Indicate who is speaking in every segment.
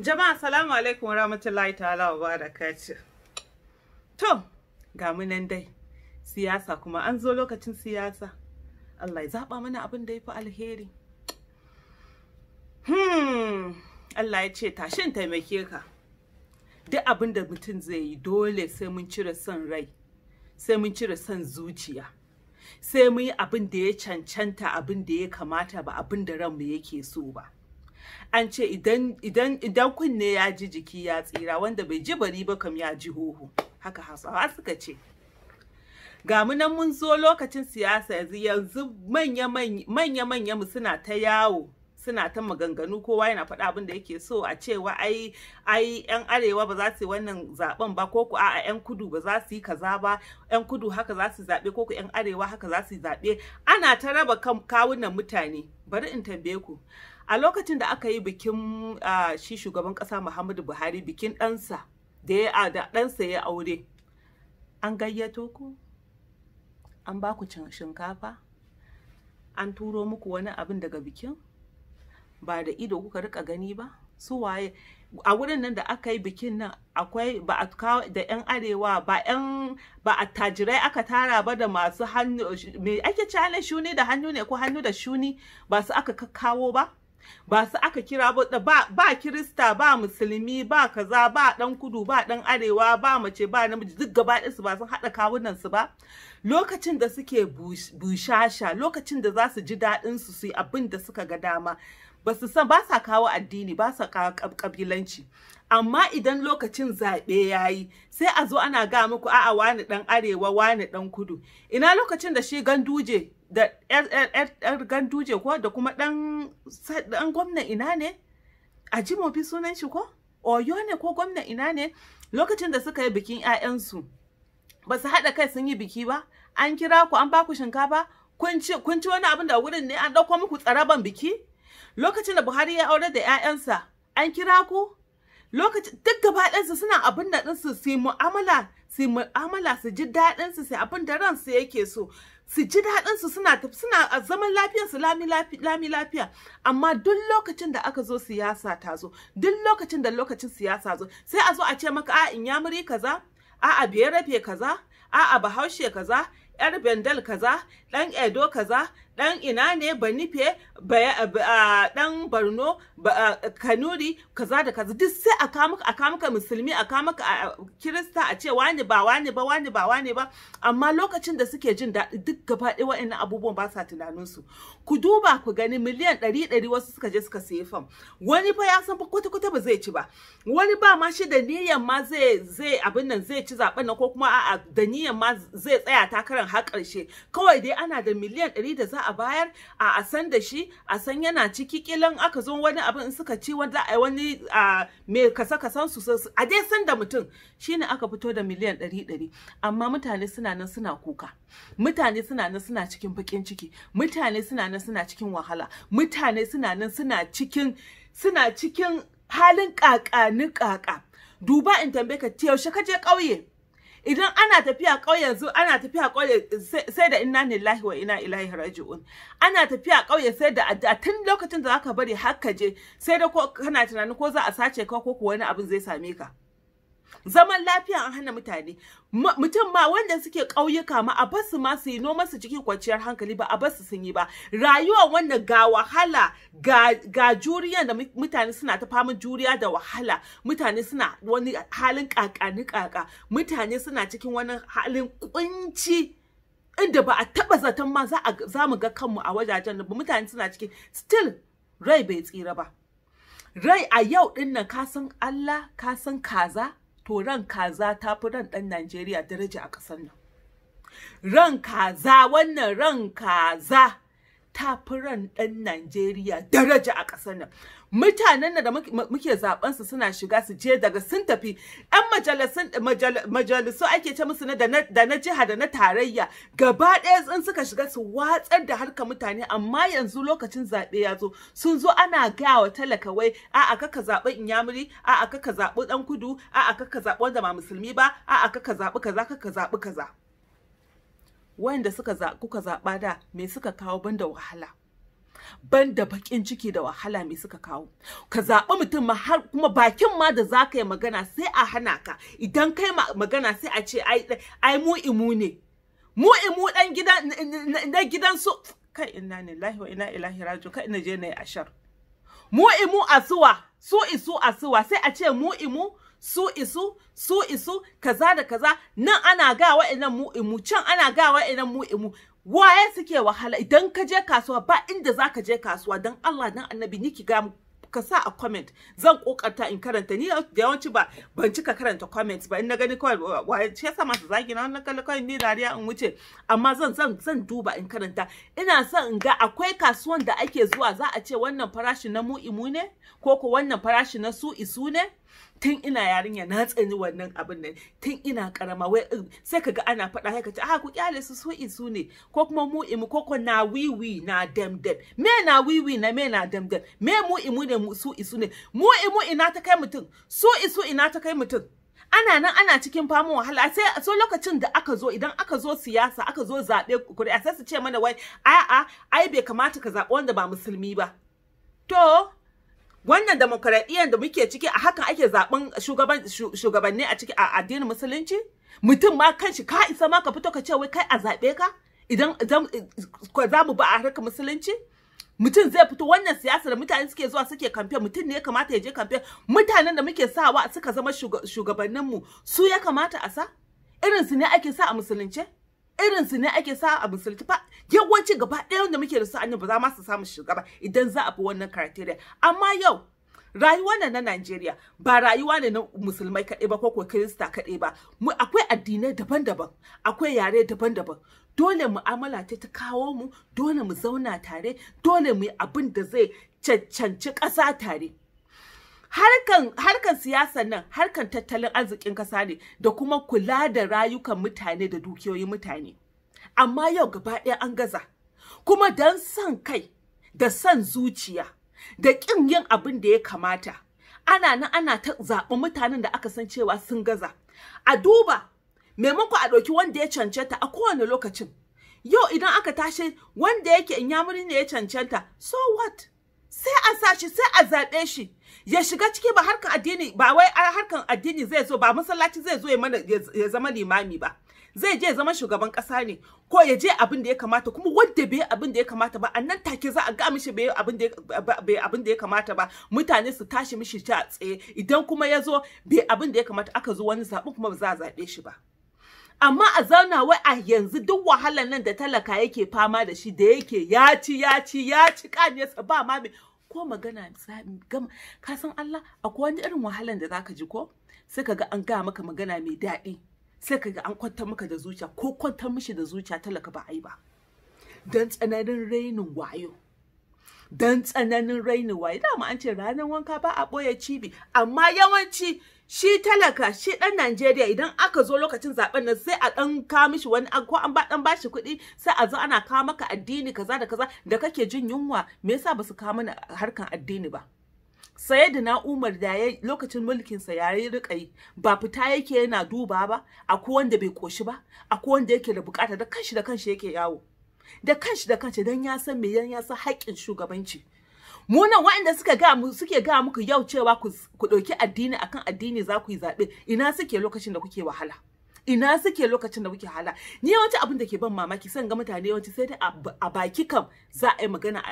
Speaker 1: Jama'a salamu alaikum rahmatullahi ta'ala wa barakatuh. To, ga mu nan dai. Siyasa kuma an zo lokacin siyasa. Allah ya zaba mana abin da yafi alheri. Hmm, Allah ya ce tashin taimake ka. Duk abin da mutum zai yi dole sai mun cire son rai. Sai mun cire son zuciya. Sai mun yi abin da ya cancanta abin da ya kamata ba abin da ranmu yake so ba. an ce idan kunne ya ji jiki ya tsira wanda bai ji bari ba kam ya ji huhu haka hausawa suka ce ga mu nan mun zo lokacin siyasa yanzu yanzu manya-manya mu suna ta yawo suna ta maganganu kowa yana faɗa abin da yake so a cewa ai ai yan arewa ba za su yi wannan zaben ba ko a a yan kudu ba za su yi kaza ba yan kudu haka za su zaɓe ko yan arewa haka za su zaɓe ana ta raba kawunan mutane bari in tambaye ku a lokacin da aka yi bikin shi shugaban ƙasa muhammadu buhari bikin ɗansa da ya da ɗansa ya aure an gayyato ku an ba ku shinkafa an turo muku wani abin daga bikin ba da ido kuka rika gani ba su waye a wurin nan da aka yi bikin nan akwai ba a kawo da yan arewa ba yan ba attajirai aka tara ba da masu hannu me ake cale shuni da hannu ne ko hannu da shuni ba su aka kawo ba ba su aka kira ba ba kirista ba musulmi ba kaza ba dan kudu ba dan arewa ba mace ba namiji duk gaba su ba sun haɗa kawunan su ba lokacin da suke bushasha lokacin da za su ji daɗin su su yi abin da suka ga dama ba su san ba sa kawo addini ba sa kawo kabilanci amma idan lokacin zaɓe ya yi sai a zo ana ga muku a'a wani ɗan arewa wani ɗan kudu ina lokacin da shi ganduje da ɗan duje ko da kuma dan gwamna ina ne a mafi sunan shi ko oyo ne ko gwamna ina ne lokacin da suka yi bikin 'ya'yansu ba su haɗa kai sun yi biki ba an kira ku an baku shinkafa kun ci wani abin da wurin ne an ɗauko muku tsaraban biki lokacin da buhari ya aure da 'ya'yansa an kira ku lokacin duk gaba ɗansu suna abin da ɗinsu su yi mu'amala su mu'amala su ji daɗinsu su abin da ransu yake so su ji su suna suna zaman lafiyarsu lami lafiya amma duk lokacin da aka zo siyasa ta zo duk lokacin da lokacin siyasa zo sai a zo a ce maka a in yamuri kaza a a biyarabe kaza a a bahaushe kaza yar bendal kaza dan edo kaza ɗan ina ne banife ɗan barno kanuri kaza da kaza duk sai a kamuka a kamuka musulmi a kamuka kirista a ce wani ba wani ba wani ba wani ba amma lokacin da suke jin daɗi duk gaba ɗaya wa'annan abubuwan ba sa tunaninsu ku duba ku gani miliyan ɗari ɗari wasu suka je suka sayi fam wani fa ya san fa kwata kwata ba zai ci ba wani ba ma shi da niyan ma zai zai abin nan zai ci zaɓen nan ko kuma a'a da niyan ma zai tsaya takarar har ƙarshe kawai dai ana da miliyan ɗari da za a a bayar a san da shi a san yana ciki kilan aka zo wani abin in suka ci wanda a wani mai kasa kasan su a dai san da mutum shine aka fito da miliyan ɗari ɗari amma mutane suna nan suna kuka mutane suna nan suna cikin baƙin ciki mutane suna nan suna cikin wahala mutane suna nan suna cikin suna cikin halin ƙaƙa ni ƙaƙa duba in tambaye ka yaushe ka je ƙauye idan ana tafiya ƙauye yanzu ana tafiya ƙauye sai da inna lillahi wa inna ilaihi raji'un ana tafiya ƙauye sai da addu'a tun lokacin da zaka bari har ka je sai da ko kana tunanin ko za a sace ka ko wani abin zai same ka zaman lafiya an hana mutane mutum ma wanda suke ƙauyuka ma a basu ma su yi noma su cikin kwanciyar hankali ba a basu sun yi ba rayuwar wanda ga wahala ga, ga juriya da mutane suna ta famin juriya da wahala mutane suna wani halin kakani kaka mutane suna cikin wani halin kunci inda ba a taba zaton ma za mu ga kanmu a wajajen ba mutane suna cikin still rai bai tsira ba rai a yau dinnan nan ka san Allah ka san kaza to ran kaza ta fi ran ɗan Najeriya daraja a ƙasar nan. Ran kaza wannan ran kaza tafi ɗan Najeriya daraja a ƙasar nan. Mutanen da muke zaben su suna shiga su je daga sun tafi majalisun majalisu ake ce musu da na jiha da na tarayya gaba ɗaya in suka shiga su watsar da harka mutane amma yanzu lokacin zaɓe ya zo sun zo ana gaya wa talaka wai a aka ka zaɓi inyamuri a aka ka zaɓi ɗan kudu a aka ka zaɓi wanda ba musulmi ba a aka ka zaɓi kaza ka zaɓi kaza. wanda suka kuka zaɓa da me suka kawo banda wahala banda bakin ciki da wahala me suka kawo ka zaɓi mutum ma har kuma bakin ma da za ka yi magana sai a hana ka idan kai magana sai a ce ai mu imu ne mu imu dan gidan na gidan su kai inna lillahi wa inna ilaihi kai je ashar mu imu asuwa su isu asuwa sai a ce mu imu su isu su isu kaza da kaza nan ana ga wa'annan mu imu can ana ga wa'annan mu imu waye suke wahala idan ka je kasuwa ba inda zaka je kasuwa dan Allah dan annabi ni ki ga ka sa a comment zan kokarta in karanta ni da yawanci ba ban cika karanta comments ba in na gani kawai waye shi yasa masu zagi na wannan kallon kawai ni dariya in wuce amma zan zan zan duba in karanta ina son in ga akwai kasuwan da ake zuwa za a ce wannan farashi na mu imu ne ko ko wannan farashi na su isu ne tun ina yarinya na tsani wannan abin nan tun ina karama wai eh, sai kaga ana faɗa haka ta ah ku kyale su so isu ne ko kuma mu imu ko ko na wiwi na dem dem me na wiwi na me na dem dem me mu imu ne mu su isu ne mu imu ina ta kai mutum su isu ina ta kai mutum ana nan ana cikin famun wahala sai so lokacin da aka zo idan aka zo siyasa aka zo zaɓe a sai su ce mana wai a'a ai bai kamata ka zaɓi wanda ba musulmi ba to wannan demokaradiyyar da muke ciki a hakan ake zaben shugabanni a ciki a addinin musulunci mutum ma kanshi ka isa ma ka fito ka ce wai kai a zaɓe ka idan za mu ba a harkar musulunci mutum zai fito wannan siyasar mutane suke zuwa suke kamfe mutum ne ya kamata ya je kamfe mutanen da muke sawa suka zama shugabanninmu su ya kamata a sa irin su ne ake sa a musulunce irin su ne ake sa a musulunci fa? yawanci gaba ɗaya wanda muke da su annabi za ma su samu shiga ba idan za a bi wannan criteria amma yau rayuwa na na Najeriya ba rayuwa ne na musulmai kaɗai ba ko kirista kaɗai ba mu akwai addinai daban-daban akwai yare daban-daban dole mu'amala ta ta kawo mu dole mu zauna tare dole mu yi abin da zai cancanci ƙasa tare harkan harkan siyasar nan harkan tattalin arzikin kasa ne da kuma kula da rayukan mutane da dukiyoyin mutane amma yau gaba ɗaya an gaza kuma don son kai da son zuciya da ƙin yin abin da ya kamata ana nan ana ta zaɓi mutanen da aka san cewa sun gaza a duba maimako a ɗauki wanda ya cancanta a kowane lokacin yau idan aka tashi wanda yake in yamuri ne ya cancanta so what sai a sa shi sai a zaɓe shi ya shiga ciki ba harkan addini ba wai harkan addini zai zo ba masallaci zai zo ya zama limami ba zai je zama shugaban kasa ne ko ya je abin da ya kamata kuma wanda bai abin da ya kamata ba annan take za a ga mishi bai abin da bai abin da ya kamata ba mutane su tashi mishi ta tsaye idan kuma ya zo bai abin da ya kamata aka zo wani zaɓen kuma ba za a zaɓe shi ba amma a zauna wai a yanzu duk wahalar nan da talaka yake fama da shi da yake ya ci ya ci ya ci kaniyarsa ba ma ko magana gama ka san Allah akwai wani irin wahalan da zaka ji ko sai ka ga an ga maka magana mai daɗi sai ka an kwanta maka da zuciya ko kwanta mishi da zuciya talaka ba ai ba don tsananin rainin wayo dan tsananin rainin wayo dama an ce ranar wanka ba a ɓoye cibi amma yawanci shi talaka shi dan Najeriya idan aka zo lokacin zaben nan sai a dan ka mishi wani ko an ba dan bashi kuɗi sai a zo ana kawo maka addini kaza da kaza da kake jin yunwa me yasa basu ka mana harkan addini ba sayyidina umar da ya lokacin sa ya rika yi ba fita yake yana duba ba akwai wanda bai koshi ba akwai wanda yake da bukata da kanshi da kanshi yake yawo da kanshi da kanshi dan ya san me ya san haƙƙin shugabanci mu nan waɗanda suka ga mu suke ga muku yau cewa ku ɗauki addini akan addini za ku yi zaɓe ina suke lokacin da kuke wahala ina suke lokacin da kuke wahala ni yawanci abin da ke ban mamaki san ga mutane yawanci sai dai a baki kam za a yi magana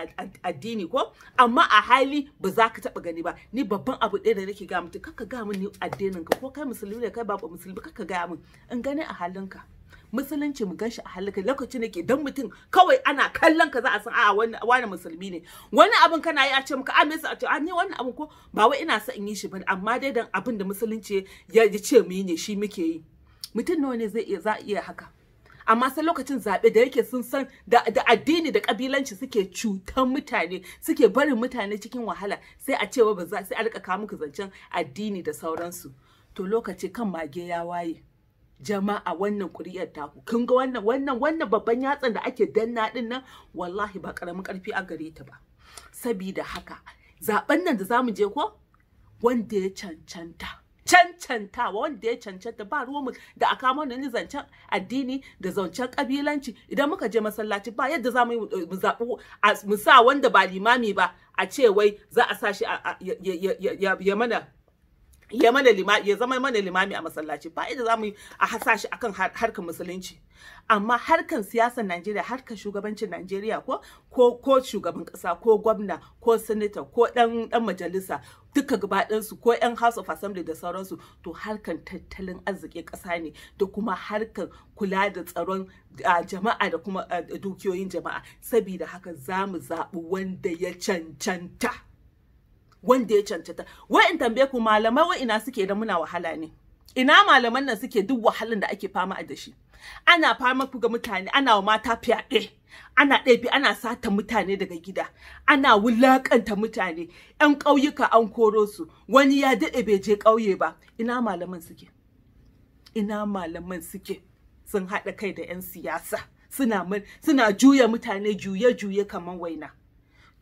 Speaker 1: addini ko amma a hali ba za ka taɓa gani ba ni babban abu ɗaya da nake ga mutum kaka ga min addinin ka ko kai musulmi ne kai babu musulmi kaka ga min in gani a halinka musulunci mu gan shi a halaka lokacin da ke dan mutum kawai ana kallon ka za a san a wani wani musulmi ne wani abin kana yi a ce muka a me a ce a ni wani abin ko ba wai ina sa in yi shi ba amma dai dan abin da musulunci ya ce mu yi ne shi muke yi mutum nawa ne zai iya za iya haka amma sai lokacin zaɓe da yake sun san da addini da ƙabilanci suke cutan mutane suke barin mutane cikin wahala sai a cewa ba za sai a rika kawo muku zancen addini da sauransu to lokaci kan mage ya waye jama'a wannan kuri'ar taku kun ga wannan wannan wannan babban yatsan da ake danna din nan wallahi ba karamin karfi a gare ta ba sabida haka zaben nan da zamu je ko wanda ya cancanta cancantawa wanda ya cancanta ba ruwanmu da aka mana ni zancen addini da zancen kabilanci idan muka je masallaci ba yadda za mu mu sa wanda ba limami ba a ce wai za a sa shi ya mana ya mana limami ya zama mana limami a masallaci ba inda zamu a hasashi akan harkar musulunci amma harkar siyasar Najeriya harkar shugabancin Najeriya ko ko shugaban kasa ko gwamna ko senator ko dan dan majalisa duka gabaɗin su ko yan House of Assembly da sauransu to harkar tattalin arziki kasa ne da kuma harkar kula da tsaron jama'a da kuma dukiyoyin jama'a saboda haka zamu zaɓi wanda ya cancanta wanda ya cancanta wa'in tambaye ku malamai wa'ina suke da muna wahala ne ina malaman nan suke duk wahalan da ake fama da shi ana fama ku ga mutane ana wa mata fyaɗe ana ɗabi ana sata mutane daga gida ana wulaƙanta mutane ƴan ƙauyuka an koro su wani ya daɗe bai je ƙauye ba ina malaman suke ina malaman suke sun haɗa kai da 'yan siyasa suna juya mutane juye-juye kamar waina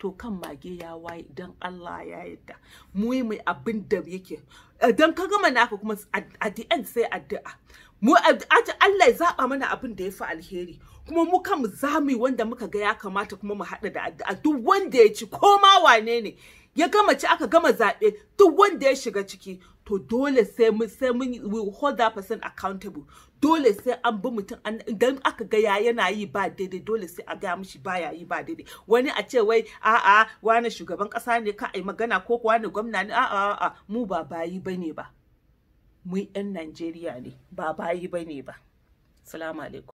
Speaker 1: to kan mage ya waye dan Allah ya yarda mu yi mai abin da yake eh, dan ka gama naka kuma at the end sai addu'a mu Allah ya zaba mana abin da ya fi alheri kuma mu kan mu zamu wanda muka ga ya kamata kuma mu haɗa da addu'a duk wanda ya ci koma wane ne ya gama ci aka gama zaɓe duk wanda ya shiga ciki to dole sai mun sai mun we hold that person accountable dole sai an bi mutum idan aka ga yana yi ba daidai dole sai a ga mishi ya yi ba daidai wani a ce wai a'a wani shugaban kasa ne ka ai magana ko wani gwamna ne a'a a'a mu ba bayi bane ba mu yan Najeriya ne ba bayi bane ba salamu alaikum